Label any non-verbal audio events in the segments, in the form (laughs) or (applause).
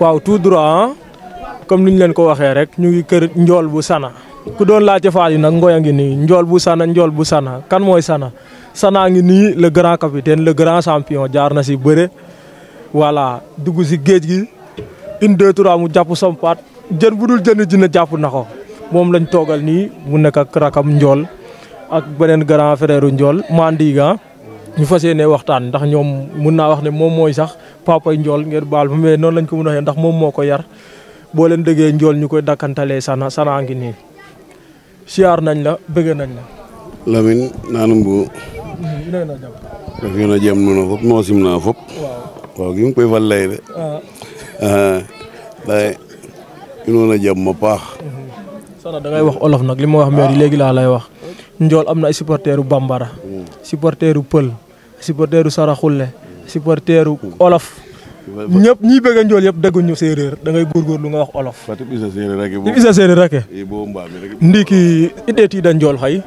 waaw tout droit ah. comme niñ leen ko waxee rek ñu ngi kër ndjol bu sana ku doon la faal yi nak ngoy ngi ni ndjol bu sana ndjol bu sana kan moy sana sana ngi ni le grand capitaine le grand champion jaar na si beure voilà dugg si geej gi une deux trois mu jàpp sampaat jen bu dul jeun dina japp nako mom lañ togal ni mu nek ak rakam ndjol ak benen grand frère ndjol mandiga ñu fas waxtaan ndax ñom mëna wax ne mom moy sax papay njool ngeen baal ma mais noonu lañ ko mën a waxee moom moo ko yar boo leen déggee njool ñu koy dakkantalee sana sana ngi nii siyaar nañ la bëgg nañ la. Lamine naanu mbu. Hmm, daf yoon a jëm noonu koy fal ah. Ah. a jëm ma paax. Hmm. sana da wax olof nag li ma wax maire ah. léegi laa lay wax. njool am na ay supporteeru bambara. Hmm. supporteeru pël. supporteeru saraxulle supporter olof ñep ñi bëgg a njool yëpp dégguñu séeréer da ngay lu nga wax olof ibisa séeréer rake ndiki i da njool xay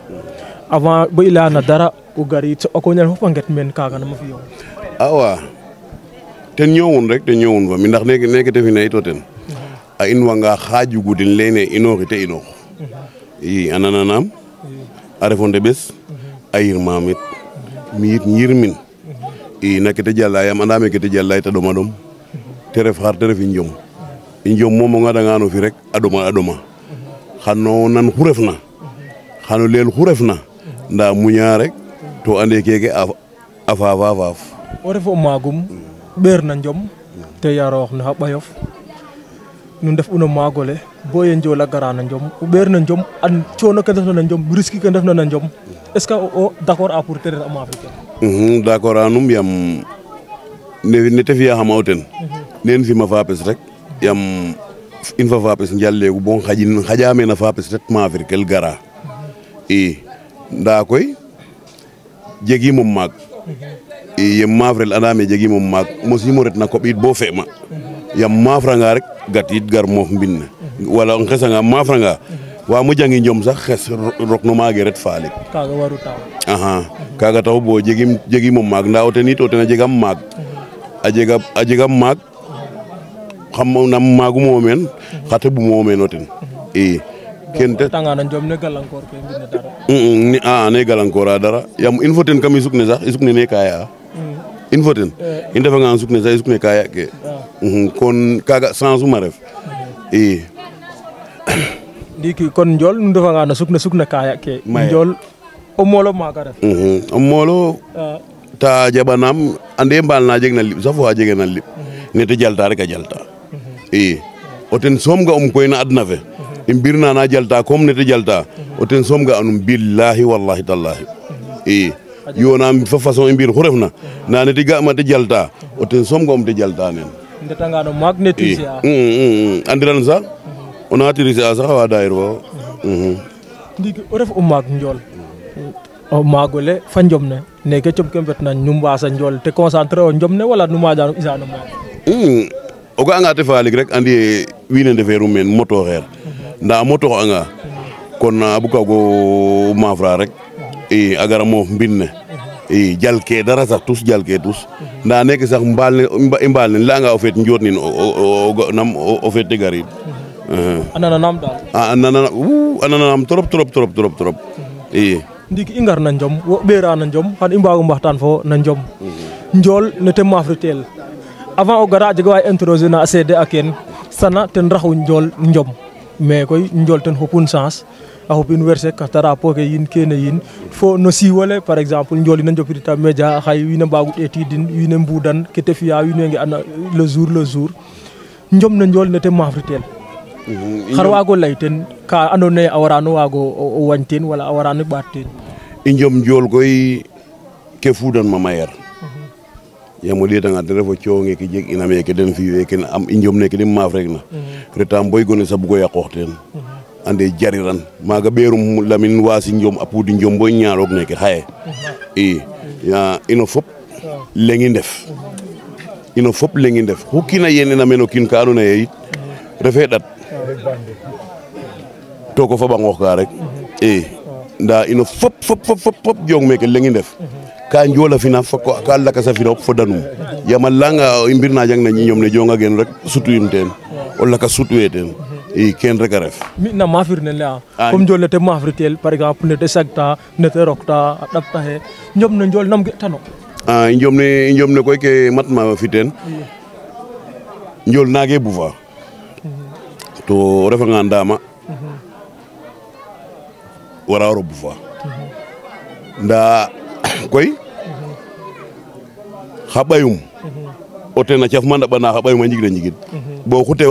avant bo i leyana dara o gar yit o koñal fopa nget meen kaaga nama fi'o awa té ñoowun rek ten ba mi ndax nek neke te fina yito ten a inwanga xaajugu den leyne inooxi te ino yi ananana am arefon de bes ayir mamit mi yit yirmin i na jala yaam anda kete jala ta ɗoma ɗom te ref xar te ref njom i njom moom o ngaɗangano fi rek a ɗoma a ɗoma xano nan xu refna xano leel xu refna nda muña rek to ande keke a faafa faaf o refo maagum ɓeer na njom te yaroox na xa ɓayof min ndefɓuno maagole boye jola garana joom o na joom an coono ke ndefnana joom risque ke ndefnana joom est ce que o d' a pour mhm, te ret a maafi ke d' accord anum yaam nete fiya xama o ten mhm. neen fima fapes rek yaam in fa fapes njaleegu bo xaƴin xaƴa mena fapes ret maafir kel gara mhm. i ndaa koy jegimom maag i yem maafrel andame jegimom maag mosimo ret na koɓ it bo yam mafranga rek gatit gar mo mbin wala ngesanga mafranga wa mu jangi ñom sax xes rok no magi ret faalik kaga waru taw aha kaga taw bo jegim mom mag ndaw te nit o tena jegam mag a jega a jegam mag xam na magu momen xata bu momen o e ken te tangana jom ne galankor ke mbin dara ni ah, a ne galankor dara yam info ten kam isuk ne sax isuk ne ne kaya in foten eh. i ndefanga suk ne sax i ne ka ke ah. mhm, kon kaaga chance um a ref i hmm. eh. (coughs) ndiiki kon njool nu ndefanga no ne suk ne ka ke njool o moolo maaga ref mhm, o ah. mbaal na jeg na liɓ sax fo xa jegena liɓ mhm. nete jalta rek a jalta i eh. o ten soom ga'um koy na adna fe i mbir na jalta comme nete jalta o ten soom ga'anum billahi wallahi tallahi i yonami fo façon i mbi in xu refna nane tiga ama te jalta o ten soom te jalta neen ndetanga no maak ne tricher a mm, mm, mm. andiran a sax a wa dayer o ref o maak Ndiol o maagole fa njom ne neke coɓ ke mbetna nu mbaasa Ndiol te concentré o njom ne wala nu maƴano ɓisano maak o ga'anga te falig rek andi ye wiin ndefeeru meen moto xeer nda a moto kon a buka go maafra rek i a gara moof mbind ne i jalkee dara sax tus jalkee tus ndaa neeke sax mbaal ne i mbaal ne layanga o feet njoot nin o feet te gariid a nananaam daal a nananaam trop trop trop trop trop i i ngar na Njom wo ɓeera Njom xan i mbaag mbaxtaan fo na Njom njool ne ta maafritel avant o gara a jega waay introser na a seede a keen sana ten raxu njool Njom mais koy njool ten xupun chance ahupin wersek tarapo ke yin kene yin fo no siwole par exemple jolina jopirita média hay wine mbagu ƴetidin wine mbudan kete fiya winwege ana le jour le jour jom no te mafritel mm-hmm. xar wago ley ten ka ando naye a warano wago o wañ ten wala a warano ɓaat ten i jom jol koy ke fudanma mayer mm-hmm. yaam o ɗeetanga te ref o coownge ke jeg ina meeke den fi'u weeke am i jom neeke den maaf rek na mm-hmm. reta mboy gone sabugo yaqoox ande jariran maga ɓeerum lamin wasi jom a puudi jom bo ñaroog neke xaye i ino fop lengi ndef ino fop lengi ndef xu kiin a yenena o kiin ka andoona yee yit refee ɗat to ko a nqoox ka rek i ndaa ino fop fop meeke lengi ndef ka njool a fina fo ka lakas a fina fop fodanum yaam a layanga i mbir na jang na ñiñom ne jonga gen rek sutuim teen o lakas sutwee teen i ken rega ref mi na mafir ne leya comme njol ne te mafri tel par exemple ne te sagta ne te rokta a ɗapta he njom ne njol ne koy ke mat ma fi ten njol nange bufa mhm. to o refa mhm. wara waro bufa mhm. nda (coughs) koy xa ɓayum o ten a caf ma ndaɓana xa ɓayum a njig na bo xute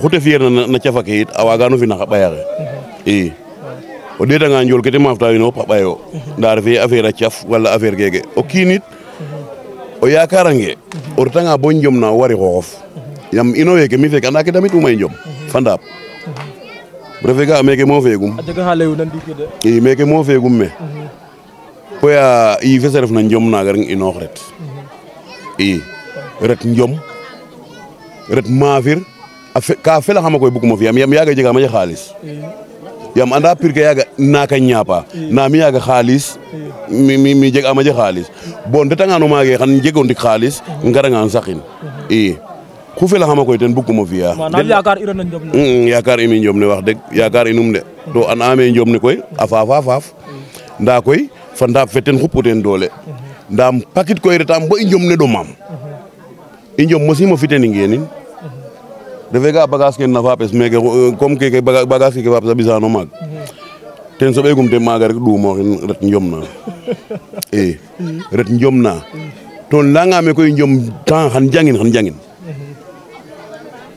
xute fiyeerna na cafa ke it a waagano fina naxa ɓay axe i e, o ɗeetanga njool ke te maafta wiin o fop a ɓayo ndaa refee affaire a caf wala affaire keeke o kiin it o yakarange o retanga bo njom na wari xooxof yam ino weeke mi feeke anda ke damit umay i e njom fa ndaap refe ga'a meeke mo fegum a jega xa layuna ndiiki i e, meke mo fegum me koy a yiifes a refna njom naaga reng inoox ret i ret njom ret Mavir, ka felaxama koy bugum o fiyam yaam yaaga jegama je xaalis eh. yam anda pir ke yaaga naaka eh. na mi yaga kalis, eh. mi mi ma je xaalis bon ndetangaan ma ge xan jego kalis, ngara ngarangaan saxin i ku felaxama koy ten bugum o ya. yaakaar imi njom ne wax deg yaakaar inum de do an amé njom ne koy afa fa fa nda koy fa nda fe ten xupu ten pakit koy retam bo i njom ne ɗomaam i njom refe ga a bagage ke na fapes meke euh, comme keke bagage keke fapes a ɓisano maag ten soɓegum ten maaga rek ɗumoxin ret njom na i (laughs) eh, ret njom koy njom temps xan jangin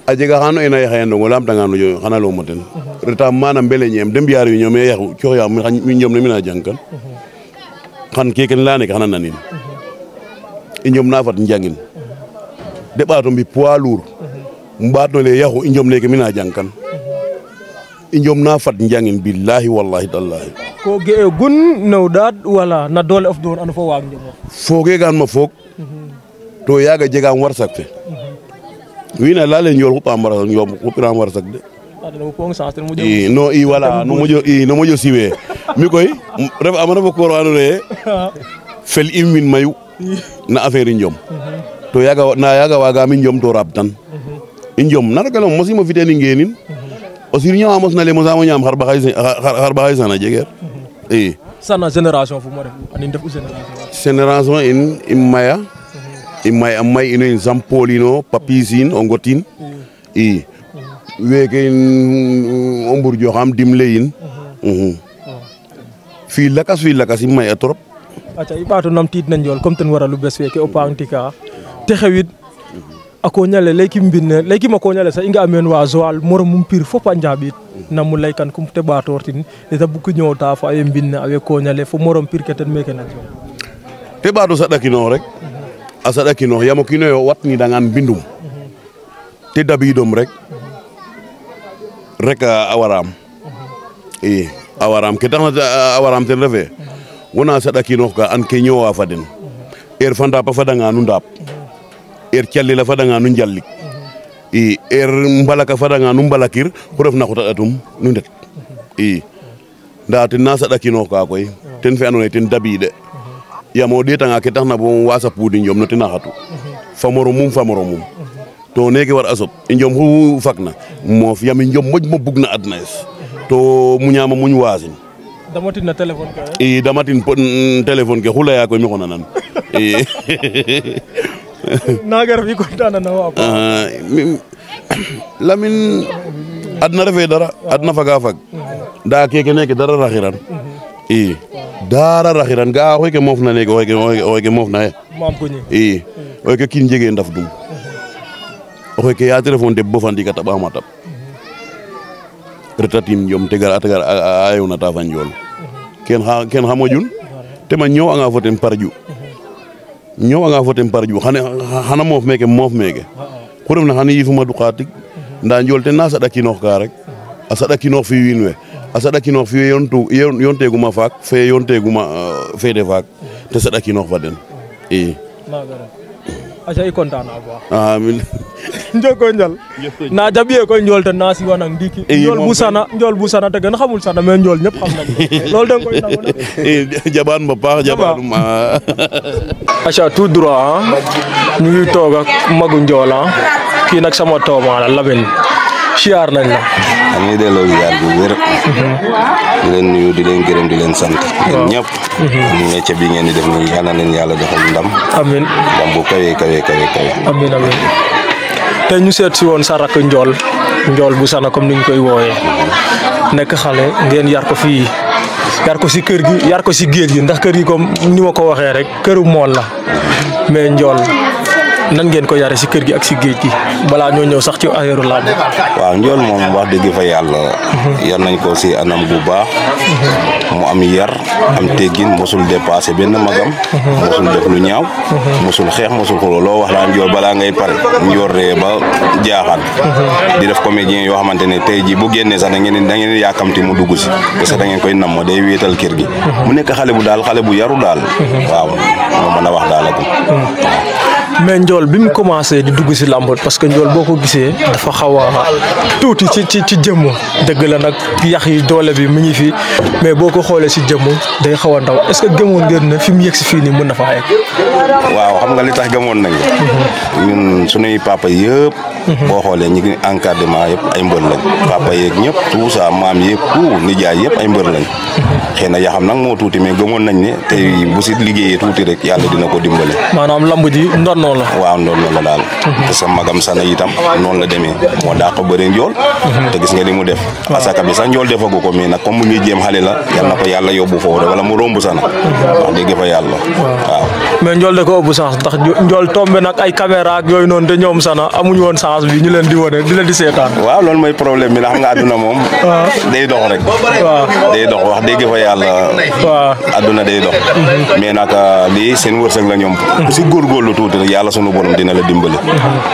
a jega xano ena yaxaya ndongo lamtangano yo xana leyumo ten mhm. reta mana mbele ñeem de mbiya réunion me yaxu coxya mi njom ne mina jang kan mhm. xan keke leyane ke xana nanin mhm. i njom fat njangin de ɓaato mbi poids mbaɗole yahu i joom leyke mina jang kan i joom na fad jangin billahi wallahi tallahi ko ge'e gun newɗaat wala na doole of doon ano fo ma foog to yaaga jegaam warsak fe wiin a layaa njool xupaam warsak njool xupiraam warsak de i no moƴo i no moƴo siwe mi koy ref am refa koor ando fel in win mayu na affaire i njom (laughs) to yaaga na yaaga waagaam i njom to raab tan injom nara kalom mosi mo fiteni ngenin mhm. osir sir ñama mos na le mosama ñam xar baxay xar baxay sana jeger e sana generation fu mo def ani def generation in imaya mhm. imay amay ino in zampolino papizin papizin, ongotin, i eh. weke ombur jo joxam dimle yin fi lakas fi lakas in Maya trop acha ibatu nam tiit nañ jol comme tan wara bes weke opantika te xewit akonyale leki mbinne leki makonyale sa inga amen wa zoal moro mum pir fo panjabi na mu kan kum te batortin de ta bukku ta fa ay mbinne awe konyale fo morom pir keten meke na te bado sa dakino rek asa dakino yamo wat ni watni dangan bindum te dom rek rek awaram e awaram ke tax awaram ten refe wona sa dakino ka an ke wa faden er fanda pa nga nu ndap er callila fadanga nu njallik i er mbalaka fadanga nu mbalakir ku refna xutaɗatum nu ndet i nda nasada na saɗakino ka koy ten fe de yee ten dabiiɗe yaam o ɗeetanga ke taxna bo waasa puudi njom no famoro mum famoro mum to neke war asop soɓ njom fakna mo yaam i njom moƴmo bugna adna es to muñaama muñ damatin na i damatin téléphone ke hula eh? laya koy mi i (laughs) naagara bi kontaan na adna ah, refee dara adna faga fag nda keke neke dara raxiran i dara raxiran ga'a oxe ke mofna neke oxe ke mofna i oxe ke kiin jegee ndaf dum oxe ke yaate refo ndeɓ bo fa ndiik a taɓaxama taɓ retatim jom te gara a yoonata fa njool ken xa moƴun tem a ñoowanga fo ten parju ñowanga fo ten par jour xane xana moof meke moof meke ku refna xan yiifuma duqatik nda njool ten na saɗakinoox ka rek a saɗakinoox fi wiin we a saɗakinoox fi yoon teguma faak fe yoon teguma euh, fede faak te saɗakinoox fa den i acay kontaan naa bu baax amin (laughs) njoko njal na jaɓiye koy njol ten na siwa nang ndiki njol bu sana tegen xamul sana mais njol ñëpp xam nañ loolu den koy nangu (laughs) jaɓaan ba paax (laughs) droit ah. ñu ngi toog ak magu ah. nag sama toomaana label siyaar nañ la di leen nuyu di leen gërëm di leen sant yéen ñëpp mhm. ñu métier bi ngeen di def nii leen yàlla defal ndam amiin ndam bu kawee kawee kawee ñu seet si woon sa rakk njool Ndiol bu Sana comme ni ñu koy wooyee nekk xale ngeen yar ko fii yar ko si kër gi yar ko si géej gi ndax kër gi comme ni ma ko waxee rek këru mool la mais Ndiol nan ngeen ko yare si kër gi ak si géej gi balaa ñoo ñëw sax ci affaire làmb waaw njool moom wax dëgg fa yàlla mhm. yar nañ ko si a nam bu baax mhm. mu am yar am teggin mosul dépassé benn magam mhm. mosul def lu ñaaw mosul xeex mosul xuloo loo wax laa njool balaa ngay pare njool ree ba jaaxaan di def comédien yoo xamante ne tey ji bu génnee sax da ngeen da ngeen yaakamti mu dugg si parce que da ngeen koy nam day wéetal kër gi mu nekk xale bu daal xale bu yaru daal waaw moo mën a wax daal ak mais ndiol bim commencé di dugg si lambot, parce que ndiol boko ko dafa xawa a ci ci ci jëmm deug la nak yax yi doole bi mu ngi fi mais boko xolé ci si day xawa ndaw est ce que gëmoon ngeen na fi yex fi ni mën na fa ay waaw xam nga li tax nañ mhm. ñun papa yépp mhm. bo xolé ñi encadrement yépp ay mbeul lañ. Mhm. papa yeeg ñëpp tout ça yépp ku ni jaay yépp ay mbeul lañ. xëy ya xam nak mo touti mais gëmoon nañ ne tay bu ci liggéey touti rek yalla dina ko dimbalé manam lamb ji ndono noonu la waaw non la dal mhm. te sa magam sana itam non la mo da ko beure ndiol te gis nga li mu def asaka bi sa ndiol defago ko mais nak comme mu ngi jéem xale la yalla na ko yàlla yóbbu foofu wala mu rombu sana mhm. wax dëgg fa yalla waaw mais ndiol da ko ëpp chance tax ndiol tombe nak ay caméra ak yoy non de ñom sana amuñ won chance bi ñu leen di wone di la di sétan waaw lool mooy problème bi la xam nga aduna mom day dox rek day dox wax dëgg fa yàlla aduna day dox mhm. mais nak li seen wërsëg la gor gor lu tuti tuuti yalla sunu borom dina la dimbali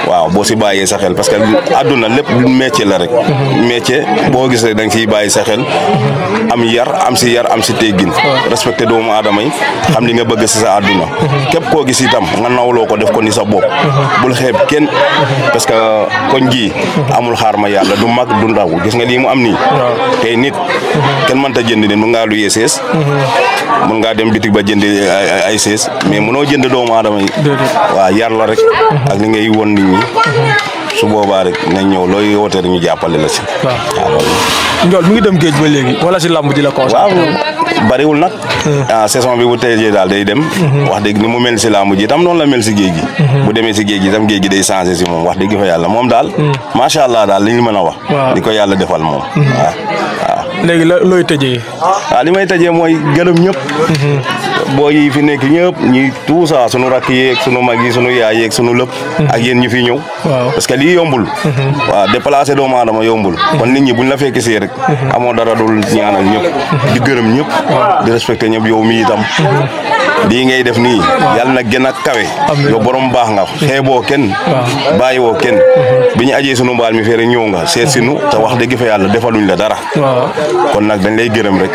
waaw bo ci baye sa xel parce que àdduna lépp métier la rek métier bo gisé dang ci baye sa xel am yar am ci yar am ci teggin respecté doomu adamay xam li nga bëgg ci sa aduna kep ko gis itam nga nawlo ko def ko ni sa bop bul xeb kenn parce que koñ gi amul xaar ma yàlla du mag du ndaw gis nga li mu am ni tay nit kenn ta jënd ni mën nga lu sees mhm. mën nga dem bitik ba jënd ay sees mais mëno jënd doomu adamay wa waaw la rek. ak li ngay won nit ñi. su rek nañ ñëw looy woote rek ñu jàppale la si. waaw mu ah, Ndiol ngi dem géej ba léegi wala si làmb ji la ko. waaw bariwul nag. Hmm. ah saison bi bu tey daal day dem. Hmm. wax dëgg ni mu mel si làmb ji tam noonu la mel si géej gi. Hmm. bu demee si géej gi tam géej gi day changé si moom wax dëgg fa yàlla moom daal. macha allah daal li ñu mën a wax. di ko yàlla defal moom. waaw ah, waaw. léegi la looy tëjee. waaw ah, li may mooy gërëm ñëpp. boo yi fi nekk ñëpp ñi tout ça sunu rakk yeeg sunu mag yi sunu yaay yeeg sunu lëpp mhm. ak yéen ñu fi ñëw. parce que lii yombul. Mhm. waaw déplacé doomu aadama yombul. Mhm. kon nit ñi buñ la fekk see rek. amoo dara dul ñaanal ñëpp. di gërëm ñëpp. di respecté ñëpp yow mi itam. lii ngay def nii yàlla na gën a kawe yow borom baax nga boo kenn bàyyiwoo kenn mhm. bi ñu ajee sunu mbaal mi fee rek ñëw nga seet si nu te wax dëgg fa yàlla defaluñ la dara kon nag dañ lay gërëm rek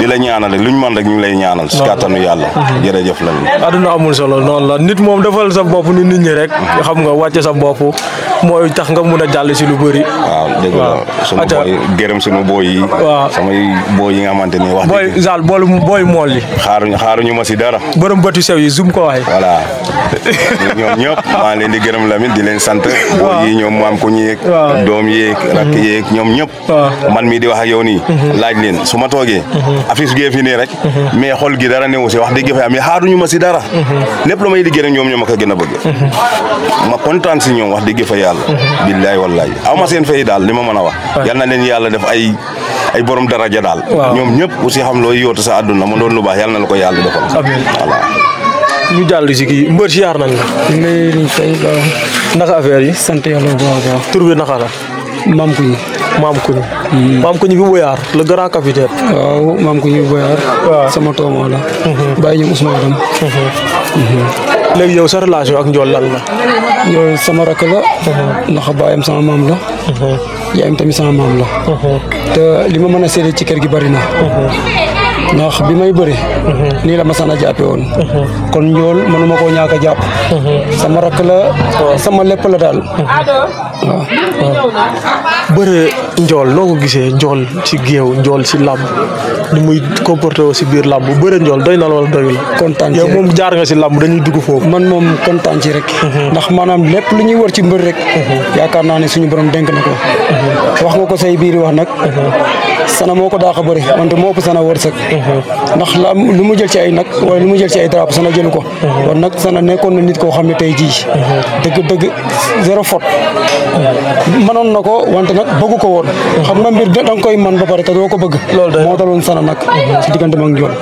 di la ñaanal rek luñ man rek ñu lay ñaanal si kàttanu yàlla mhm. jërëjëf la aduna amul solo noonu la nit moom defal sa bopp ni nit ñi rek xam nga wàcce sa bopp mooy tax nga mun a jàll si lu bëri waaw dëgg la sunu booy gërëm sunu booy yi waaw samay booy yi nga xamante ne wax dëgg boy booy mool yi xaaruñu xaaruñu ma si dara borom bëtu sew yi zoom ko waxee. voilà (laughs) ñoom ñëpp maa leen di gërëm Lamine di leen sant. waaw yi ñoom maam ko ñeeg. waaw doom yeeg rakk mhm. yeeg ñoom ñëpp. man mii di wax ak yow nii. Mhm. laaj leen su ma toogee. Mhm. affiche bi fi nii rek. mais xol gi dara newu si wax dëgg fa am xaaruñu ma si dara. lépp lu may liggéey ñoom ñoo ma ko gën a ma kontaan si ñoom wax dëgg fa yàlla. billaay wallaay aw ma seen fay daal li ma mën a wax. yal na leen yàlla def ay. ay borom daraja daal. ñoom ñëpp aussi xam looy yóotu sa àdduna mu doon lu baax yàlla na la ko yàlla defal. amiin voilà. ñu jàll si kii mbër si yaar nañ la. mbéy mi yi. sant yàlla baax a baax. tur bi la. maam ku ñu. maam ku ñu. Hmm. maam ku waaw maam ku ñu bu boyaar. sama toomoo la. bàyyi ñoom Ousmane Adam. Hmm. léegi yow sa relation ak Ndiol lan la. sama rakk la. Hmm. ndax baayam sama maam la. yaayam tamit sama maam la. te li ma mën a seede ci kër gi bari na. bi may bëri. nii la ma saan a jàppee woon. kon ñool mënuma koo ñaaka a jàpp. sama rakk la sama lépp la daal. waaw bëre njool noo gisee njool ci géew njool ci làmb ni muy comporté woo si biir làmb bëre njool doy na la wala doyul la. kontaan ci yow moom jaar nga si làmb dañuy dugg foofu. man moom kontaan ci rek. Mhm. ndax maanaam lépp lu ñuy wër ci mbër rek. Mhm. yaakaar naa ne suñu borom dénk na ko. Mhm. wax nga ko say biir wax nag. sana moo ko daax a bëri wante moo ëpp sana wërsëg. ndax la lu mu jël ci ay nag wala lu mu jël ci ay drapeau sana jëlu ko. kon nag sana nekkoon na nit koo xam ne tey jii. dëgg dëgg zéro faute. mënoon na ko wante nag bëggu ko woon. xam nga mbir da nga koy man ba pare te doo ko bëgg. loolu moo daloon sana yoon nag si diggante mag njool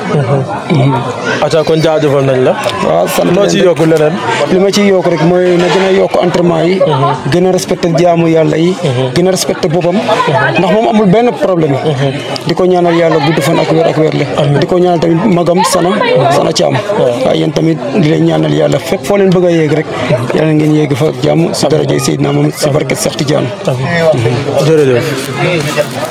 acca kon jaajëfal nañ la waaw sant loo ci yokk leneen li ma ciy yokk rek mooy na gën a yokk entraînement yi uh-huh. a respecté jaamu yàlla yi uh-huh. gën a respecté boppam uh-huh. ndax moom amul benn di ko ñaanal yàlla gudd fan ak wér ak wér la di ko ñaanal tamit magam sana sana caam waaye yéen tamit di leen ñaanal yàlla foo leen bëgg a rek yàlla ngeen yéeg fa jàmm si daraja Seydina moom si barke Seex Tijaan